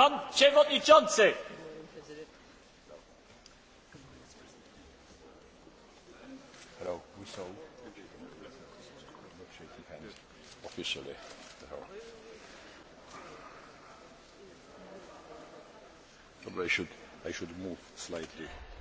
Pan Przewodniczący! Hello, we saw officially. Probably I should I should move slightly.